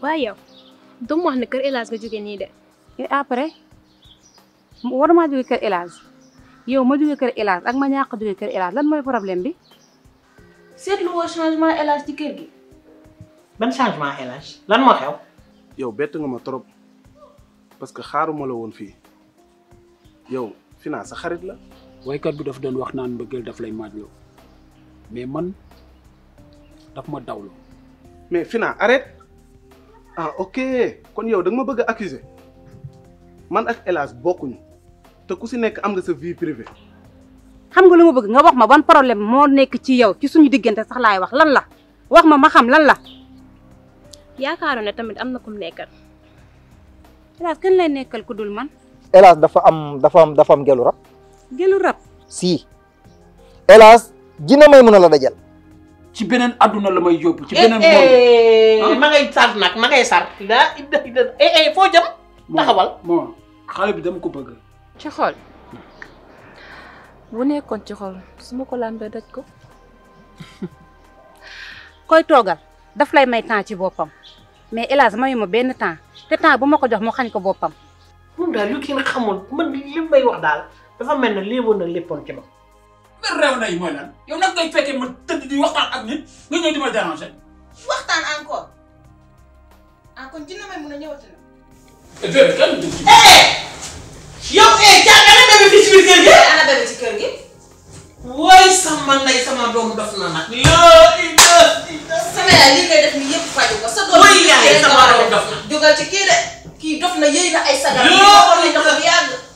wayaw dum wax ne keur elage ga joge ni de après war maa jóge kër elage yow ma joge keur elas ak ma ñak joge keur elas lan moy problème bi seetlu wo changement elas ci keur gi ben changement elas lan mo xew yow bet nga ma trop parce que xaaruma la won fi yow Fina xarit la kat bi daf doon wax naan mbëggeel daf lay maajloo mais man daf ma dawlo mais Fina arrête ah ok kon yow da ma bëgg a accuser man ak El bokkuñ te ku si nekk am nga sa vie privée. xam nga lu ma bëgg nga wax ma ban problème moo nekk ci yow ci suñu diggante sax laay wax lan la wax ma ma xam lan la. yaakaaroon ne tamit am na ku mu nekkal. El Hadj lay nekkal ku dul man. El dafa am dafa am dafa am gelu rab. gelu rab. si El Hadj dina may mën a la dajal. ci beneen adduna la may yóbbu. ci eh, beneen eh. monde ah. ma ngay sar nag ma ngay sar. daa indi eh, foo jëm. taxawal bon xale bi dama ko bëgg. ci xol bu nekkoon ci xol su ma ko lambee daj ko. koy toogal daf lay may temps ci boppam mais hélas mayu ma benn temps te temps bu ma ko jox mu xañ ko boppam. moom daal lu kii nga xamoon man li may wax daal dafa mel ne léewoon na léppoon ci ma. rew nay moy lan yow nak ngay fekke ma teud di waxtaan ak nit nga ñew dima déranger waxtaan encore ah kon dina may mëna ñewati la eh bébé kan eh, eh yow eh jàngal na bébé fii ci biir kër gi ana bébé ci kër gi woy sama nday sama doom dof na nak la ila sama ya li ngay def ni yépp faju ko sa doom woy yaay sama doom dof na jogal ci kii de kii dof na yey ay sagal ko ko lay dof ak yàgg